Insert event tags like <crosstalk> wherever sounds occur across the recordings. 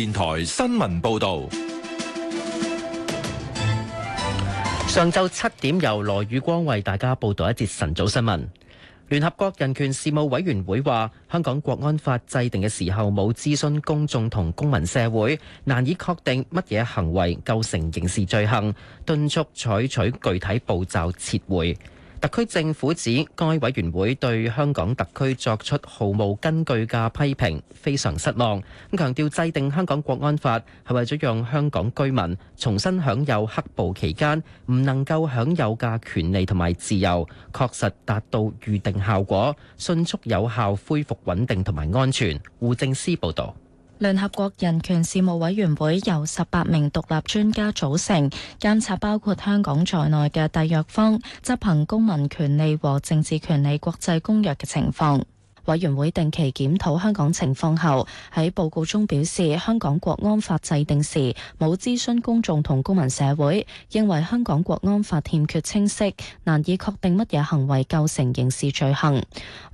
電台新聞報道： <noise> 上晝七點，由羅宇光為大家報道一節晨早新聞。聯合國人權事務委員會話，香港國安法制定嘅時候冇諮詢公眾同公民社會，難以確定乜嘢行為構成刑事罪行，敦促採取具體步驟撤回。特區政府指，該委員會對香港特區作出毫無根據嘅批評，非常失望。咁強調，制定香港國安法係為咗讓香港居民重新享有黑暴期間唔能夠享有嘅權利同埋自由，確實達到預定效果，迅速有效恢復穩定同埋安全。胡正思報道。聯合國人權事務委員會由十八名獨立專家組成，監察包括香港在內嘅締約方執行《公民權利和政治權利國際公約》嘅情況。委員會定期檢討香港情況後，喺報告中表示，香港國安法制定時冇諮詢公眾同公民社會，認為香港國安法欠缺清晰，難以確定乜嘢行為構成刑事罪行。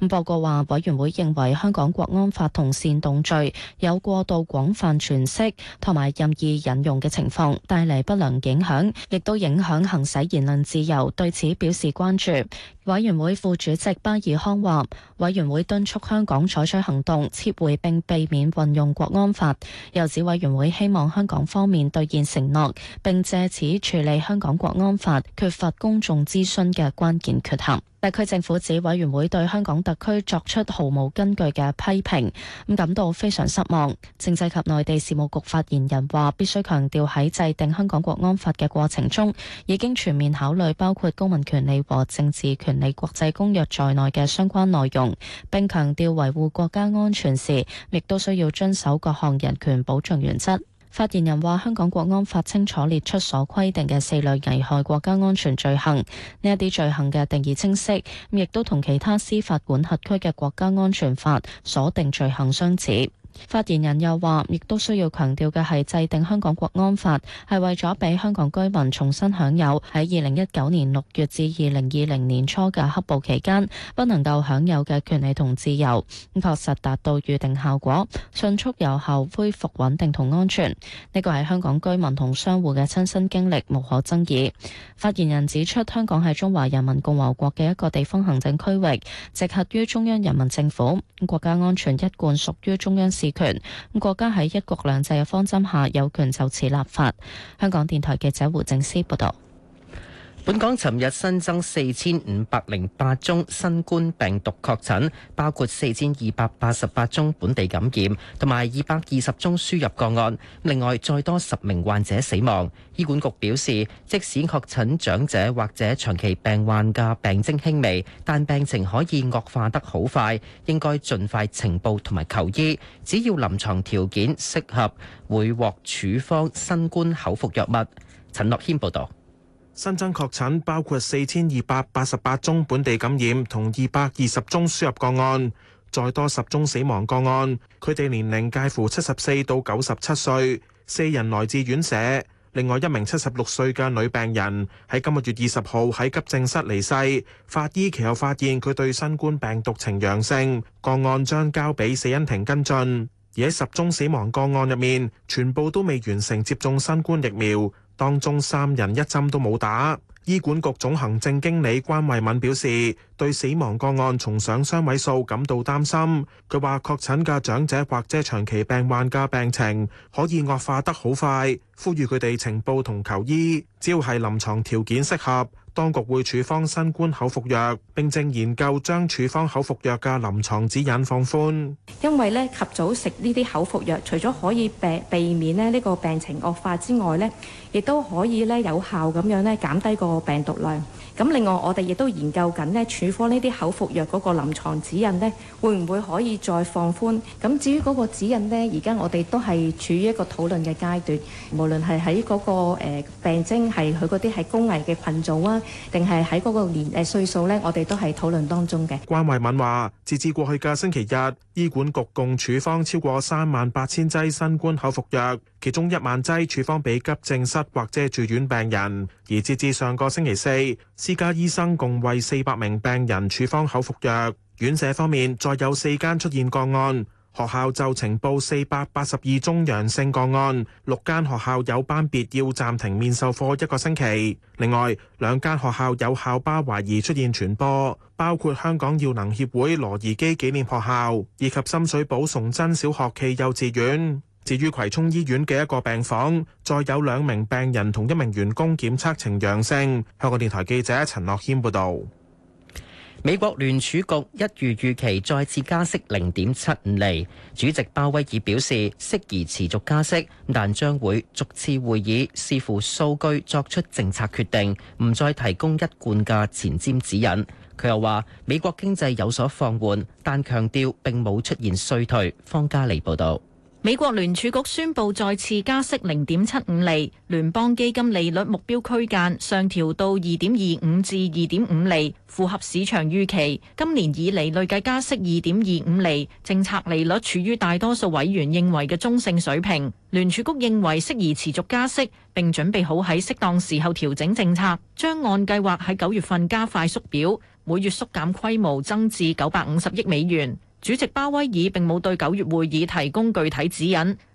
咁報告話，委員會認為香港國安法同煽動罪有過度廣泛詮釋同埋任意引用嘅情況，帶嚟不良影響，亦都影響行使言論自由，對此表示關注。委員會副主席巴爾康話，委員會敦促香港採取行動，撤回並避免運用國安法，又指委員會希望香港方面兌現承諾，並借此處理香港國安法缺乏公眾諮詢嘅關鍵缺陷。特區政府指委員會對香港特區作出毫無根據嘅批評，咁感到非常失望。政制及內地事務局發言人話，必須強調喺制定香港國安法嘅過程中，已經全面考慮包括公民權利和政治權利國際公約在內嘅相關內容，並強調維護國家安全時，亦都需要遵守各項人權保障原則。發言人話：香港國安法清楚列出所規定嘅四類危害國家安全罪行，呢一啲罪行嘅定義清晰，亦都同其他司法管轄區嘅國家安全法所定罪行相似。發言人又話，亦都需要強調嘅係，制定香港國安法係為咗俾香港居民重新享有喺二零一九年六月至二零二零年初嘅黑暴期間不能夠享有嘅權利同自由，確實達到預定效果，迅速有效恢復穩定同安全。呢個係香港居民同商戶嘅親身經歷，無可爭議。發言人指出，香港係中華人民共和國嘅一個地方行政區域，直轄於中央人民政府，國家安全一貫屬於中央治權，國家喺一國兩制嘅方針下有權就此立法。香港電台記者胡正思報道。本港尋日新增四千五百零八宗新冠病毒確診，包括四千二百八十八宗本地感染同埋二百二十宗輸入個案。另外，再多十名患者死亡。醫管局表示，即使確診長者或者長期病患嘅病徵輕微，但病情可以惡化得好快，應該盡快呈報同埋求醫。只要臨床條件適合，會獲處方新冠口服藥物。陳樂軒報導。新增確診包括四千二百八十八宗本地感染同二百二十宗輸入個案，再多十宗死亡個案。佢哋年齡介乎七十四到九十七歲，四人來自院舍，另外一名七十六歲嘅女病人喺今個月二十號喺急症室離世。法醫其後發現佢對新冠病毒呈陽性，個案將交俾死因庭跟進。而喺十宗死亡個案入面，全部都未完成接種新冠疫苗。當中三人一針都冇打，醫管局總行政經理關慧敏表示，對死亡個案重上雙位數感到擔心。佢話確診嘅長者或者長期病患嘅病情可以惡化得好快，呼籲佢哋情報同求醫，只要係臨床條件適合，當局會處方新冠口服藥，並正研究將處方口服藥嘅臨床指引放寬。因為咧，及早食呢啲口服藥，除咗可以避避免咧呢個病情惡化之外咧，亦都可以咧有效咁樣咧減低個病毒量。咁另外，我哋亦都研究緊咧處方呢啲口服藥嗰個臨床指引咧，會唔會可以再放寬？咁至於嗰個指引咧，而家我哋都係處於一個討論嘅階段，無論係喺嗰個誒病徵，係佢嗰啲係高危嘅群組啊，定係喺嗰個年誒歲數咧，我哋都係討論當中嘅。關慧敏話：截至過去嘅星期日，醫管局共處方超過三萬八千劑新冠口服藥。其中一萬劑處方俾急症室或者住院病人，而截至上個星期四，私家醫生共為四百名病人處方口服藥。院舍方面再有四間出現個案，學校就呈報四百八十二宗陽性個案，六間學校有班別要暫停面授課一個星期。另外兩間學校有校巴懷疑出現傳播，包括香港耀能協會羅怡基紀念學校以及深水埗崇真小學暨幼稚園。至於葵涌醫院嘅一個病房，再有兩名病人同一名員工檢測呈陽性。香港電台記者陳樂軒報導。美國聯儲局一如預期再次加息零點七五厘，主席鮑威爾表示適宜持續加息，但將會逐次會議視乎數據作出政策決定，唔再提供一貫嘅前瞻指引。佢又話美國經濟有所放緩，但強調並冇出現衰退。方嘉利報導。美國聯儲局宣佈再次加息零點七五厘，聯邦基金利率目標區間上調到二點二五至二點五厘，符合市場預期。今年以嚟累計加息二點二五厘，政策利率處於大多數委員認為嘅中性水平。聯儲局認為適宜持續加息，並準備好喺適當時候調整政策，將按計劃喺九月份加快縮表，每月縮減規模增至九百五十億美元。主席鮑威爾並冇對九月會議提供具體指引。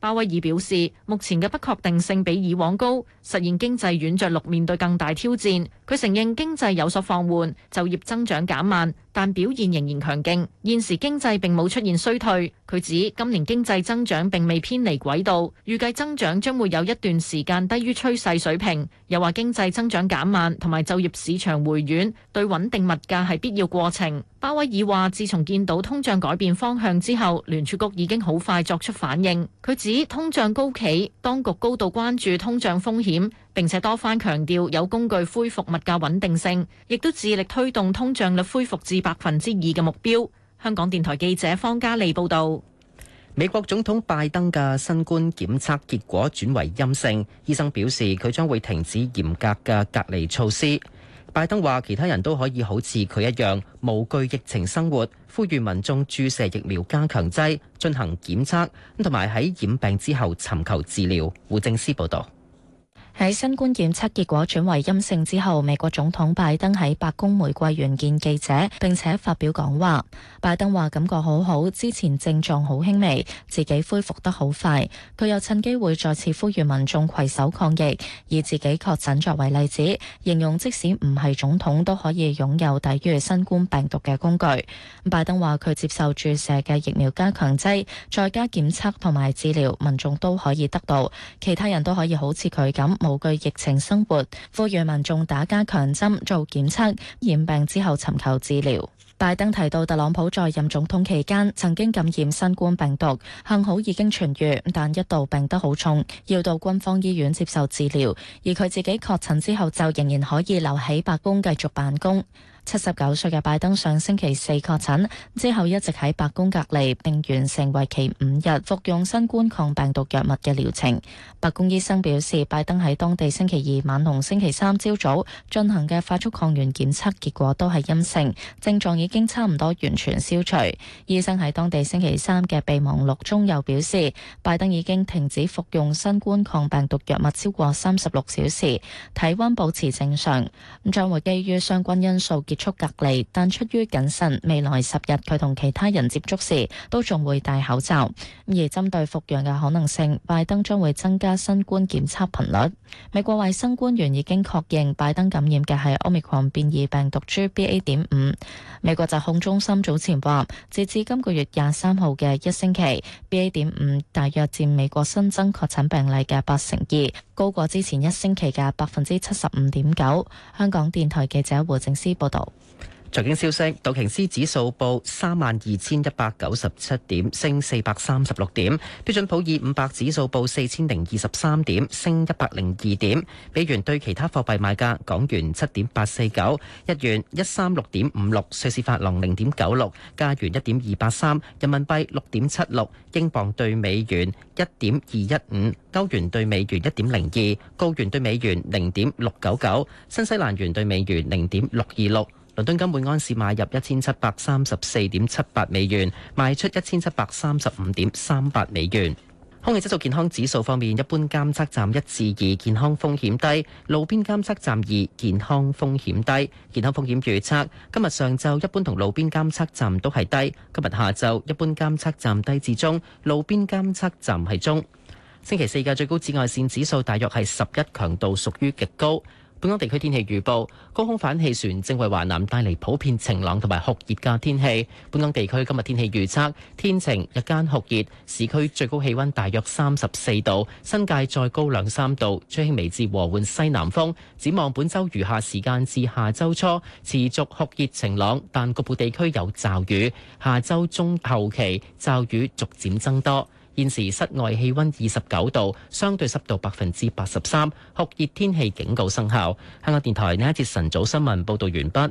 鮑威爾表示，目前嘅不確定性比以往高，實現經濟軟着陸面對更大挑戰。佢承認經濟有所放緩，就業增長減慢，但表現仍然強勁。現時經濟並冇出現衰退。佢指今年經濟增長並未偏離軌道，預計增長將會有一段時間低於趨勢水平。又話經濟增長減慢同埋就業市場回軟，對穩定物價係必要過程。鮑威爾話：自從見到通脹改變方向之後，聯儲局已經好快作出反應。佢指通脹高企，當局高度關注通脹風險，並且多番強調有工具恢復物價穩定性，亦都致力推動通脹率恢復至百分之二嘅目標。香港電台記者方嘉利報道。美國總統拜登嘅新冠檢測結果轉為陰性，醫生表示佢將會停止嚴格嘅隔離措施。拜登話：其他人都可以好似佢一樣無懼疫情生活，呼籲民眾注射疫苗加強劑，進行檢測，同埋喺染病之後尋求治療。胡正思報導。喺新冠檢測結果轉為陰性之後，美國總統拜登喺白宮玫瑰園見記者，並且發表講話。拜登話感覺好好，之前症狀好輕微，自己恢復得好快。佢又趁機會再次呼籲民眾攜手抗疫，以自己確診作為例子，形容即使唔係總統都可以擁有抵禦新冠病毒嘅工具。拜登話佢接受注射嘅疫苗加強劑，再加檢測同埋治療，民眾都可以得到，其他人都可以好似佢咁。無懼疫情生活，呼籲民眾打加強針、做檢測、染病之後尋求治療。拜登提到，特朗普在任總統期間曾經感染新冠病毒，幸好已經痊癒，但一度病得好重，要到軍方醫院接受治療。而佢自己確診之後，就仍然可以留喺白宮繼續辦公。七十九歲嘅拜登上星期四確診之後一直喺白宮隔離，並完成為期五日服用新冠抗病毒藥物嘅療程。白宮醫生表示，拜登喺當地星期二晚同星期三朝早進行嘅快速抗原檢測結果都係陰性，症狀已經差唔多完全消除。醫生喺當地星期三嘅備忘錄中又表示，拜登已經停止服用新冠抗病毒藥物超過三十六小時，體溫保持正常。咁將會基於相關因素結出隔離，但出於謹慎，未來十日佢同其他人接觸時都仲會戴口罩。而針對復陽嘅可能性，拜登將會增加新冠檢測頻率。美國衛生官員已經確認拜登感染嘅係奧密克戎變異病毒株 B A. 點五。美國疾控中心早前話，截至今個月廿三號嘅一星期，B A. 點五大約占美國新增確診病例嘅八成二。高過之前一星期嘅百分之七十五點九。香港電台記者胡靜思報道。財經消息，道瓊斯指數報三萬二千一百九十七點，升四百三十六點。標準普爾五百指數報四千零二十三點，升一百零二點。美元兌其他貨幣賣價：港元七點八四九，日元一三六點五六，瑞士法郎零點九六，加元一點二八三，人民幣六點七六，英鎊兌美元一點二一五，歐元兌美元一點零二，澳元兌美元零點六九九，新西蘭元兌美元零點六二六。倫敦金每安士買入一千七百三十四點七八美元，賣出一千七百三十五點三八美元。空氣質素健康指數方面，一般監測站一至二，健康風險低；路邊監測站二，健康風險低。健康風險預測：今日上晝一般同路邊監測站都係低；今日下晝一般監測站低至中，路邊監測站係中。星期四嘅最高紫外線指數大約係十一，強度屬於極高。本港地區天氣預報，高空反氣旋正為華南帶嚟普遍晴朗同埋酷熱嘅天氣，本港地區今日天氣預測，天晴，日間酷熱，市區最高氣溫大約三十四度，新界再高兩三度，吹輕微至和緩西南風，展望本周餘下時間至下周初持續酷熱晴朗，但局部地區有驟雨，下周中後期驟雨逐漸增多。現時室外氣溫二十九度，相對濕度百分之八十三，酷熱天氣警告生效。香港電台呢一節晨早新聞報道完畢。